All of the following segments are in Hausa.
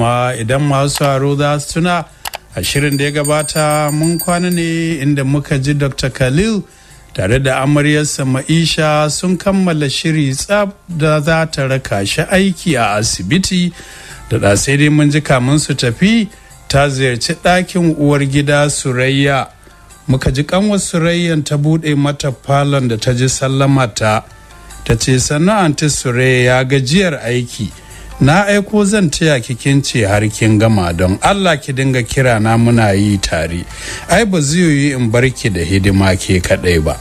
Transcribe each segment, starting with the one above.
kuma idan masu haro za su tuna a shirin da ya gabata mun kwana ne inda muka ji dr khalil tare da amaryarsa ma'isha sun kammala shiri tsab da za ta raka shi aiki a asibiti da da sai dai mun ji kamun su tafi ta ziyarci ɗakin uwar gida surayya muka ji kanwar surayya ta buɗe mata falon da ta ji sallama ta ta ce sannu anti surayya gajiyar aiki na aiko zan taya kikin ce har kin gama don allah ki dinga kira na muna yi tare ai ba zai yi in bar ki da hidima ke kadai ba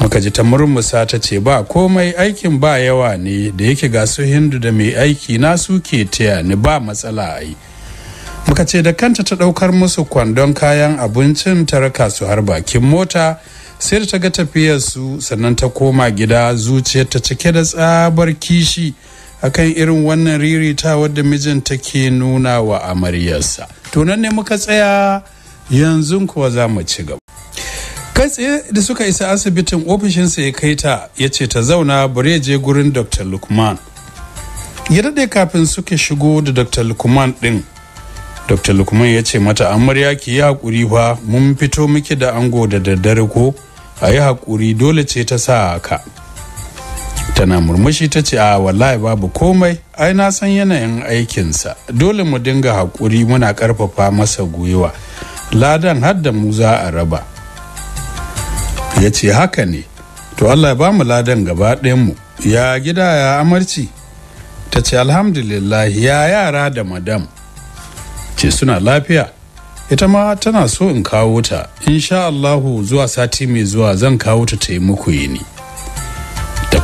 muka ji ta murmusa ta ce ba komai aikin ba yawa ne da yake ga su hindu da mai aiki na su ke taya ni ba matsala ai muka ce da kanta ta daukar musu kwandon kayan abincin ta raka su har bakin mota sai ta ga tafiyar su sannan ta koma gida zuciyar ta cike da tsabar kishi akan irin wannan ririta wadda mijinta ke nuna wa amaryarsa nan ne muka tsaya yanzu kuwa za mu ci gaba kai tsaye da suka isa asibitin ofishinsa ya kai ta ya ce ta zauna bari je gurin dr lukman ya daɗe kafin suke shigo da dr lukman ɗin dr lukman ya ce mata amarya ki yi haƙuri fa mun fito miki da ango da daddare ko a yi haƙuri dole ce ta sa ka?" tana murmushi ta ce a wallahi babu komai ai na san yanayin aikinsa dole mu dinga haƙuri muna ƙarfafa masa gwiwa ladan har da mu za a raba ya ce haka ne to allah ba mu ladan gaba mu ya gida ya amarci ta ce alhamdulillah ya yara da madam ce suna lafiya ita ma tana so in kawo ta insha allahu zuwa sati mai zuwa zan kawo ta taimako yi muku yini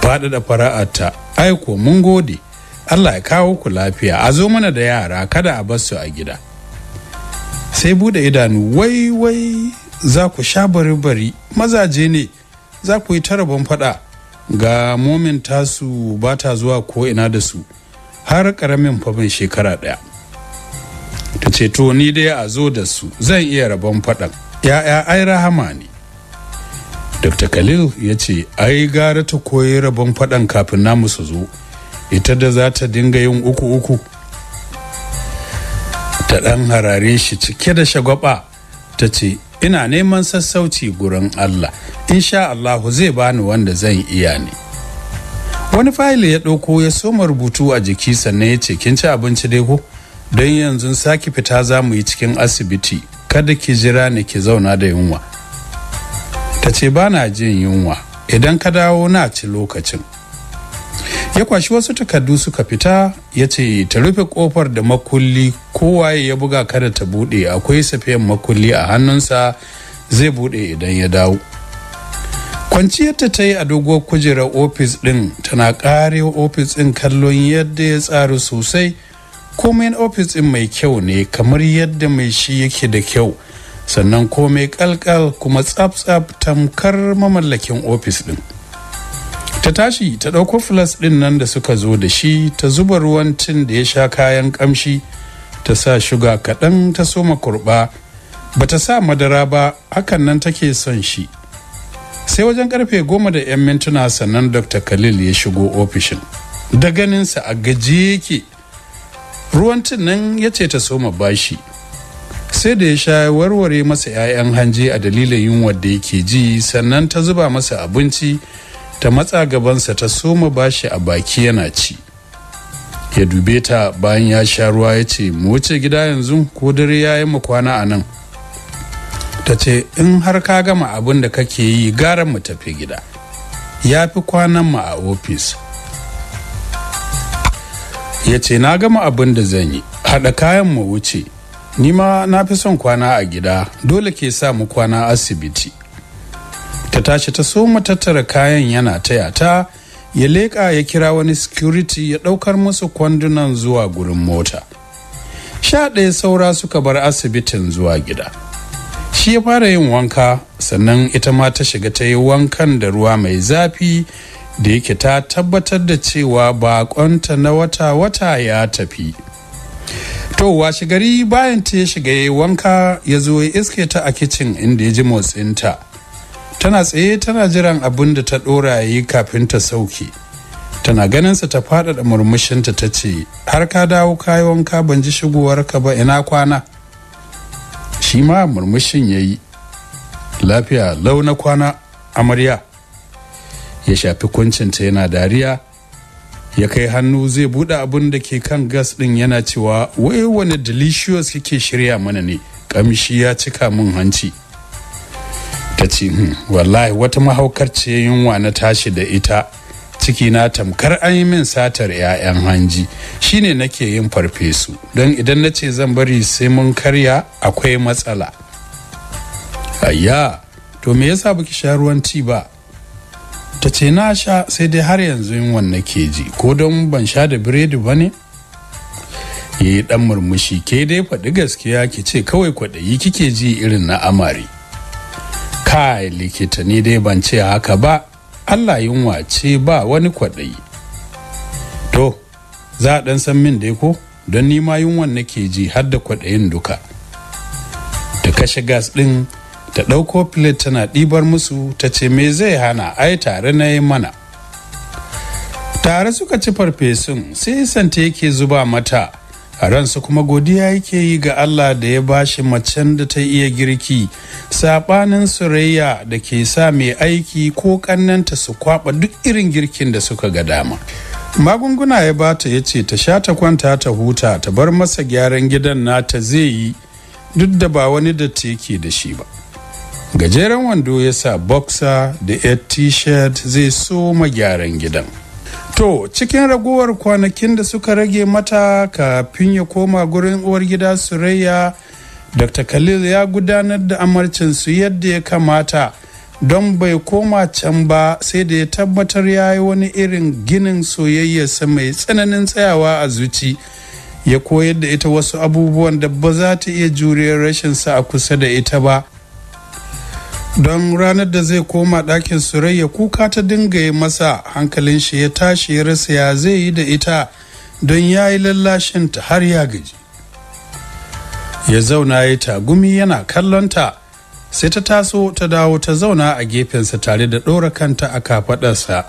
faɗaɗa fara'arta aiko mun gode allah ya kawo ku lafiya a zo mana da yara kada a bar su a gida sai bude idanu wai wai za ku sha bari-bari mazaje ne za ku yi tarabon faɗa ga momin tasu ba ta zuwa ko ina da su har ƙaramin faɗin shekara ɗaya ta ce to ni dai a zo da su zan iya rabon faɗan ya'ya ai rahama ne dr khalil ya ce ai gara ta koyi rabon faɗan kafin namu su zo ita da za ta dinga yin uku uku ta ɗan harare shi cike da shagwaba ta ce ina neman sassauci gurin allah insha allahu zai bani wanda zan iya ne wani fayil ya ɗauko ya soma rubutu a jiki sannan ya ce kin ci abinci dai ko don yanzu sake fita za mu yi cikin asibiti kada ki jira ni ki zauna da yunwa ta ce ba na jin yunwa idan ka dawo na ci lokacin ya kwashi wasu takardu suka fita ya ce ta rufe kofar da makulli kowaye ya buga kada ta bude akwai safiyan makulli a hannunsa zai bude idan ya dawo kwanciyarta ta yi a doguwar kujerar ofis din tana kare ofis din kallon yadda ya tsari sosai komai ofis din mai kyau ne kamar yadda mai shi yake da kyau sannan komai kalkal kuma tsaf-tsaf tamkar mamallakin ofis din ta tashi ta ɗauko flas ɗin nan da suka zo da shi ta zuba ruwan tin da ya sha kayan kamshi ta sa shuga kaɗan ta soma kurɓa ba ta sa madara ba hakan nan take son shi sai wajen karfe goma da 'yan mintuna sannan dr khalil ya shigo ofishin da ganinsa a gaji yake ruwan tin nan ya ce ta soma bashi sai da ya sha warware masa 'ya'yan hanje a dalilin yunwar da yake ji sannan ta zuba masa abinci ta matsa gabansa ta soma bashi a baki yana ci ya dube ta bayan ya sha ruwa ya ce mu wuce gida yanzu ko dare ya yi kwana a nan ta ce in har ka gama abin da kake yi gara mu tafi gida ya fi kwanan mu a ofis ya ce na gama abin da zan yi haɗa kayan mu wuce nima na fi son kwana a gida dole ke sa mu kwana asibiti ta tashi ta so mu tattara kayan yana taya ta ya leƙa ya kira wani security ya ɗaukar musu kwandunan zuwa gurin mota sha ɗaya saura suka bar asibitin zuwa gida shi ya fara yin wanka sannan ita ma ta shiga ta yi wankan da ruwa mai zafi da yake ta tabbatar da cewa baƙonta na wata-wata ya tafi to washe gari bayan ta ya shiga ya wanka ya zo ya iske ta a kicin inda ya ji motsinta tana tsaye tana jiran abin da ta ɗora yi kafin ta sauke tana ganinsa ta faɗaɗa murmushinta ta ce har ka dawo kayi wanka ban ji shigowarka ba ina kwana shi ma murmushin ya yi lafiya launa kwana amarya ya shafi kuncinta yana dariya ya kai hannu zai buɗe abin da ke kan gas ɗin yana cewa wai wani delicious kike shirya mana ne kamshi ya cika min hanci ta ce hmm, wallahi wata mahaukar ce yunwa na tashi da ita ciki na tamkar an yi min satar 'ya'yan hanji shine nake yin farfesu don idan na ce zan bari sai mun karya akwai matsala ayya to me yasa baki sha ruwan ti ba ta ce na sha sai dai har yanzu yin nake ji ko don ban sha da biredi ba ne ya yi dan murmushi ke dai faɗi gaskiya ki ce kawai kwaɗayi kike ji irin na amari kai likita ne dai ban ce haka ba allah yunwa ce ba wani kwaɗayi to za a ɗan san min dai ko don nima ma yunwan nake ji har da kwaɗayin duka ta kashe gas ɗin ta ɗauko plate tana ɗibar musu ta ce me zai hana ai tare na yi mana tare suka ci farfesun sai santa yake zuba mata a ransu kuma godiya yake yi ga Allah da ya bashi macen da ta iya girki saɓanin surayya da ke sa mai aiki ko kannanta su kwaɓa duk irin girkin da suka ga dama magunguna ya bata ya ce ta sha ta kwanta ta huta ta bar masa gyaran gidan nata zai yi duk da ba wani datti yake da shi ba gajeren wando ya sa boxer da yar t-shirt zai so gyaran gidan to cikin ragowar kwanakin da suka rage mata kafin ya koma gurin uwar gida surayya dr khalil ya gudanar da amarcinsu yadda ya kamata don bai koma can ba sai da ya tabbatar ya yi wani irin ginin soyayyarsa mai tsananin tsayawa a zuci ya koyar da ita wasu abubuwan da ba za ta iya juriyar rashinsa a kusa da ita ba don ranar da zai koma ɗakin surayya kuka ta dinga yi masa hankalin shi ya tashi ya rasa ya zai yi da ita don ya yi lallashin ta har ya gaji ya zauna ya tagumi yana kallonta sai ta taso ta dawo ta zauna a gefensa tare da ɗora kanta a kafaɗarsa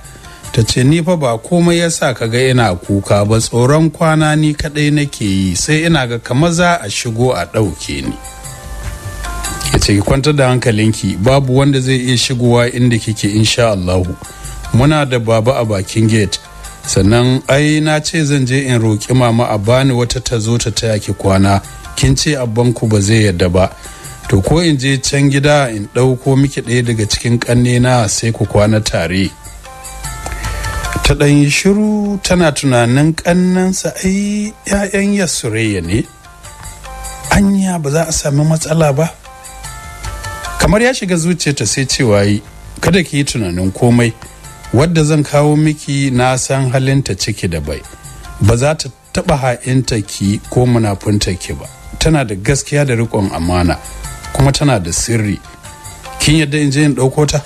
ta ce ni fa ba komai ya sa ka ga ina kuka ba tsoron kwana ni kaɗai nake yi sai ina ga kamar za a shigo a ɗauke ni. ce ki kwantar da hankalinki babu wanda zai iya shigowa inda kike insha Allahu muna da baba a bakin gate sannan ai na ce zan je in roƙi mama a bani wata ta zo ta taya ki kwana kin ce ku ba zai yarda ba to ko in je can gida in ɗauko miki ɗaya daga cikin ƙannena sai ku kwana tare ta ɗan yi shiru tana tunanin ƙannansa ai 'ya'yan yasureya ne anya ba za a sami matsala ba kamar ya shiga zuciyarta sai cewa yi kada ki yi tunanin komai wadda zan kawo miki na san halinta ciki da bai ba za ta taba ha'inta ki ko munafunta ki ba tana da gaskiya da riƙon amana kuma tana da sirri kin yadda in je in ɗauko ta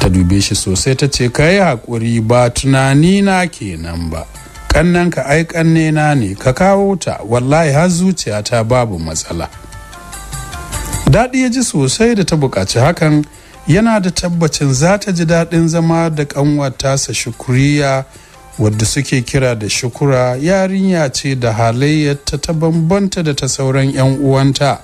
ta dube shi sosai ta ce ka yi haƙuri ba tunani na kenan ba ƙannanka ai ƙannena ne ka kawo ta wallahi har zuciyata babu matsala daɗi ya ji sosai da ta buƙaci hakan yana da tabbacin za ta ji daɗin zama da ƙanwatasa shukuriya wadda suke kira da shukura yarinya ce da halayyarta ta bambanta da ta sauran 'yan uwanta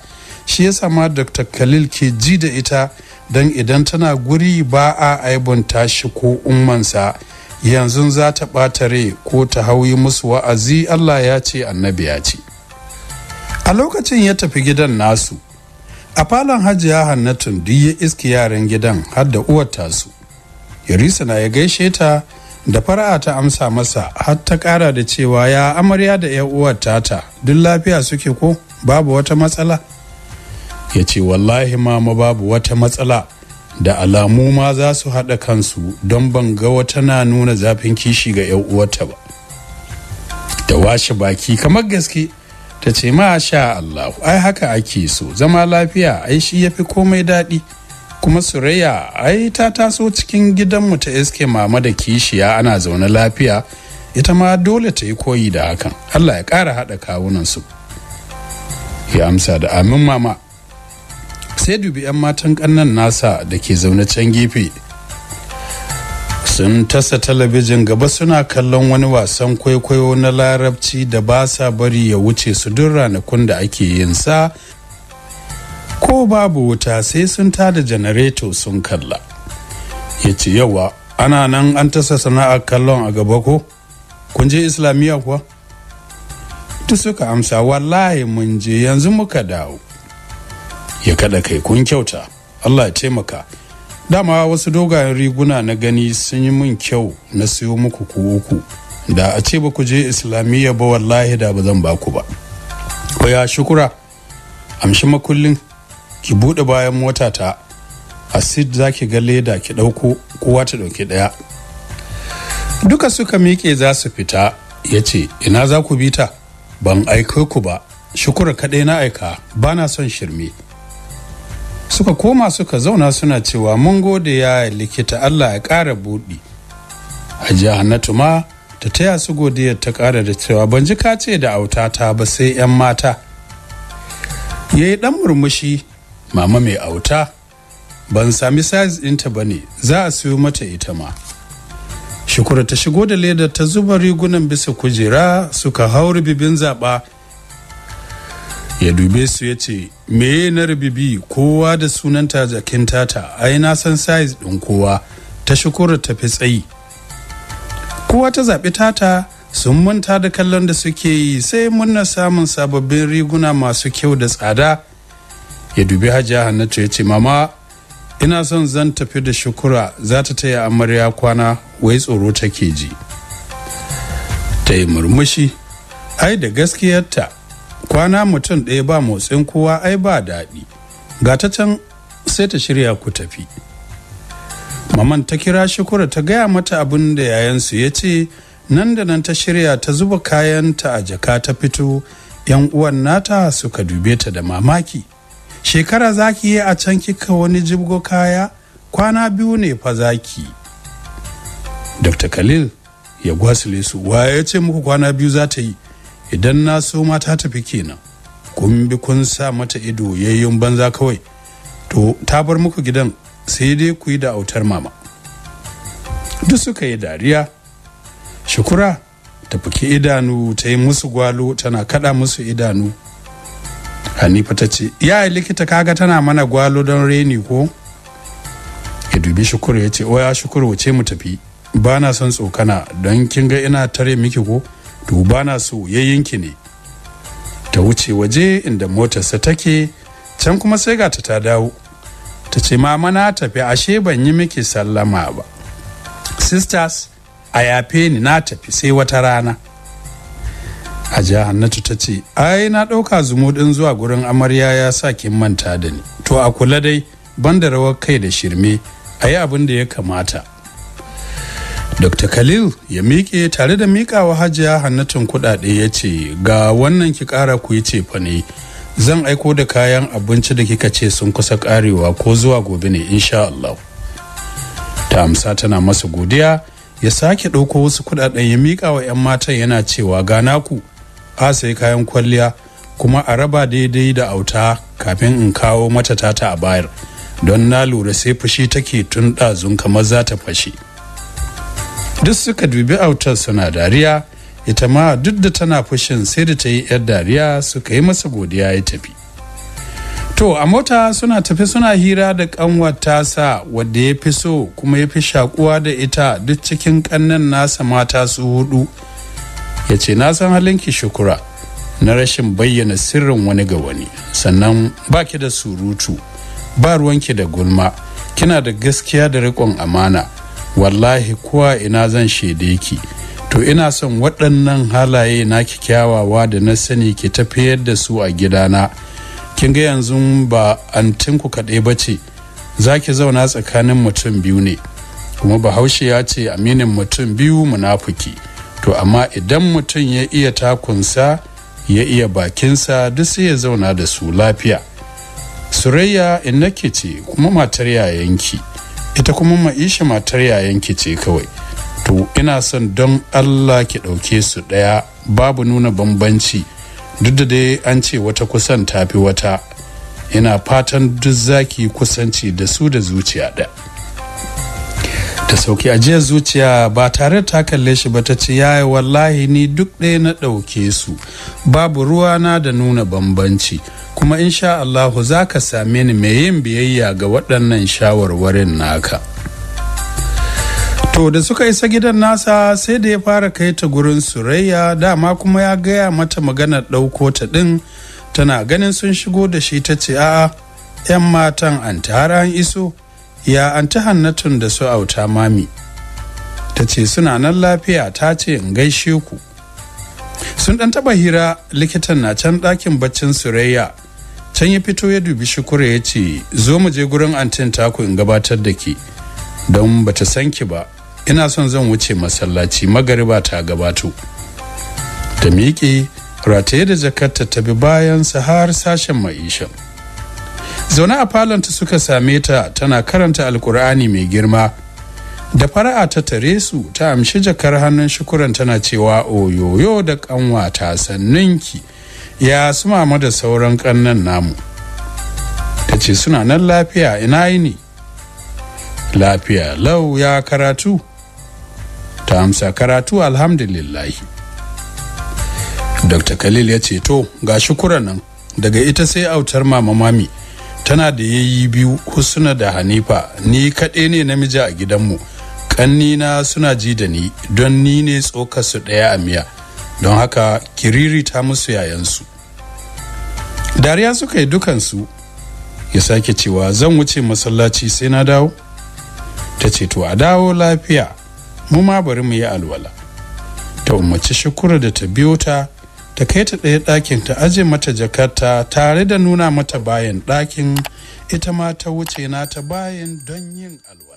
shi ya sama dr khalil ke ji da ita don idan tana guri ba a aibunta shi ko ummansa yanzu za ta ɓata rai ko ta hauyi musu wa'azi allah ya ce annabi ya ce a lokacin ya tafi gidan nasu a falon hajiya hannatun duk ya iske yaran gidan har da uwar tasu yarisa na ya gaishe ta da fara'a ta amsa masa har ta kara da cewa ya amarya da ya uwar tata duk lafiya suke ko babu wata matsala ya ce wallahi mama babu wata matsala da alamu ma za su haɗa kansu don ban ga wata na nuna zafin kishi ga 'yan uwarta ba da washe baki kamar gaske ta ce sha Allah ai haka ake so zama lafiya ai shi ya fi komai daɗi kuma surayya ai ta taso cikin gidanmu ta iske mama da kishiya ana zaune lafiya ita ma dole ta yi koyi da hakan Allah ya ƙara haɗa kawunansu ya amsa da amin mama sai dubi 'yan matan ƙannan nasa da ke zaune can gefe sun tasa talabijin gaba suna kallon wani wasan kwaikwayo na larabci da ba sa bari ya wuce su duk ranakun da ake yin sa ko babu wuta sai sun tada janareto sun kalla ya ce yawa ana nan an tasa sana'ar kallon a gaba ko kun je islamiyya kuwa duk suka amsa wallahi mun je yanzu muka dawo ya kada kai kun kyauta allah ya taimaka dama wasu dogayen riguna na gani sun yi min kyau na siyo muku ku uku da a ce ba ku je islamiyya ba wallahi da ba zan ba ku ba ko ya shukura amshi makullin ki buɗe bayan mota ta asid za ki ga leda ki ɗauko kowa ta ɗauki ɗaya duka suka miƙe za su fita ya ce ina za ku bita ban aiko ku ba shukura kaɗai na aika ba na son shirme suka koma suka zauna suna cewa mun gode ya likita allah ya ƙara buɗi A jihannatu ma ta taya su godiyar ta ƙara da cewa ban ji kace da autata ba sai 'yan mata ya yi ɗan murmushi mama mai auta ban sami size ɗinta ba ne za a siyo mata ita ma shukura ta shigo da leda ta zuba rigunan bisa kujera suka hau bibin zaɓa ya dube su ya ce "Me na rubibi kowa da sunanta jakin tata ai na san size ɗin kowa ta shukura tafi tsayi kowa ta zaɓi tata sun manta da kallon da suke yi sai na samun sababbin riguna masu kyau da tsada ya dubi hajiya hannatu ya ce mama ina son zan tafi da shukura za ta taya amarya kwana wai tsoro take ji ta yi murmushi ai da gaskiyarta kwana mutum ɗaya ba motsin kowa ai ba daɗi ga ta can sai ta shirya ku tafi maman ta kira shukura ta gaya mata abin da yayansu ya ce nan da nan ta shirya ta zuba kayanta a jaka ta fito yan uwan nata suka dube ta da mamaki shekara zaki yi a can kika wani jibgo kaya kwana biyu ne fa zaki dr khalil ya gwasile su waye ya ce muku kwana biyu za ta yi idan na so mata tafi kenan kun bi kun sa mata ido yayyun banza kawai to ta bar muku gidan sai dai ku yi da autar mama duk suka yi dariya shukura ta fuki idanu ta yi musu gwalo tana kada musu idanu hanifa ta ce ya yi likita kaga tana mana gwalo don reni ko ya dubi shukuru ya ce oya shukuru wace mu tafi ba na son tsokana don kin ga ina tare miki ko duba na su ya yanki ne ta wuce waje inda motarsa take can kuma sai ga ta dawo ta ce mama na tafi ashe ban yi miki sallama ba sisters a yafe ni na tafi sai wata rana a hannatu ta ce ai na ɗauka zumuɗin zuwa gurin amarya ya sa kin manta da ni to a kula dai ban da rawar kai da shirme a yi abin da ya kamata dr khalil ya miƙe tare da miƙawa hajiya hannatun kuɗaɗe ya ce ga wannan ki ƙara ku yi cefa ne zan aiko da kayan abinci da kika ce sun kusa ƙarewa ko zuwa gobe ne insha Allah ta amsa tana masa godiya ya sake ɗauko wasu kuɗaɗen ya miƙa wa 'yan matan yana cewa gana ku a sai kayan kwalliya kuma a raba daidai da auta kafin in kawo mata tata a bayar don na lura sai fushi take tun ɗazun kamar za ta fashe. duk suka dubi autar suna dariya ita ma duk da tana fushin sai da ta yi yar dariya suka yi masa godiya ya tafi to a mota suna tafi suna hira da kanwar tasa wadda ya fi so kuma ya fi shakuwa da ita duk cikin kannan nasa mata su hudu ya ce na san ki shukura na rashin bayyana sirrin wani ga wani sannan baki da surutu ba ruwanki da gulma kina da gaskiya da riƙon amana wallahi kuwa ina zan shaide ki to ina son waɗannan halaye na kyawawa da na sani ki tafiyar da su a gidana kin ga yanzu ba antinku kaɗai ba ce za ki zauna tsakanin mutum biyu ne kuma bahaushe ya ce aminin mutum biyu munafuki to amma idan mutum ya iya takunsa ya iya bakinsa duk sai ya zauna da su lafiya surayya in nake ce kuma matar yayanki ita kuma ma'isha matar yayan ki ce kawai to ina son don allah ki ɗauke su ɗaya babu nuna bambanci duk da dai an ce wata kusan tafi wata ina fatan duk zaki kusanci da su da zuciya ɗaya ta sauki ajiyar zuciya ba tare ta kalle shi ba ta ce yaya wallahi ni duk ɗaya na ɗauke su babu ruwana da nuna bambanci kuma insha Allahu za ka same ni mai yin biyayya ga waɗannan shawarwarin naka to da suka isa gidan nasa sai da ya fara kai ta gurin surayya dama kuma ya gaya mata maganar ɗauko ta ɗin tana ganin sun shigo da shi ta ce a'a 'yan matan anti har an iso ya an ta hannatun da su auta mami ta ce suna nan lafiya ta ce in gaishe ku sun dan taba hira likitan na can ɗakin baccin surayya can ya fito ya dubi shukura ya ce zo mu je gurin antin taku in gabatar da ki don ba ta san ki ba ina son zan wuce masallaci magariba ta gabato ta miƙe rataye da jakarta ta bi su har sashen ma'ishan zaune a falonta suka same ta tana karanta alkur'ani mai girma da fara'a ta tare su ta amshi jakar hannun shukuran tana cewa oyoyo da kanwa ta ki ya suma da sauran kannan namu ta ce suna nan lafiya ina ne lafiya lau ya karatu ta amsa karatu alhamdulillahi dr khalil ya ce to ga shukuran nan daga ita sai autar mama mami tana da yayi biyu husna da hanifa ni kaɗai ne namiji a gidanmu ƙannina suna ji da ni don ni ne su ɗaya a miya don haka kiriri ta musu yayansu dariya suka yi dukansu ya sake cewa zan wuce masallaci sai na dawo ta ce to a dawo lafiya mu ma bari mu yi alwala ta umarci shukura da ta biyo ta ta kai ta ɗaya ɗakin ta aje mata jakarta tare da nuna mata bayan ɗakin ita ma ta wuce na ta bayan don yin alwa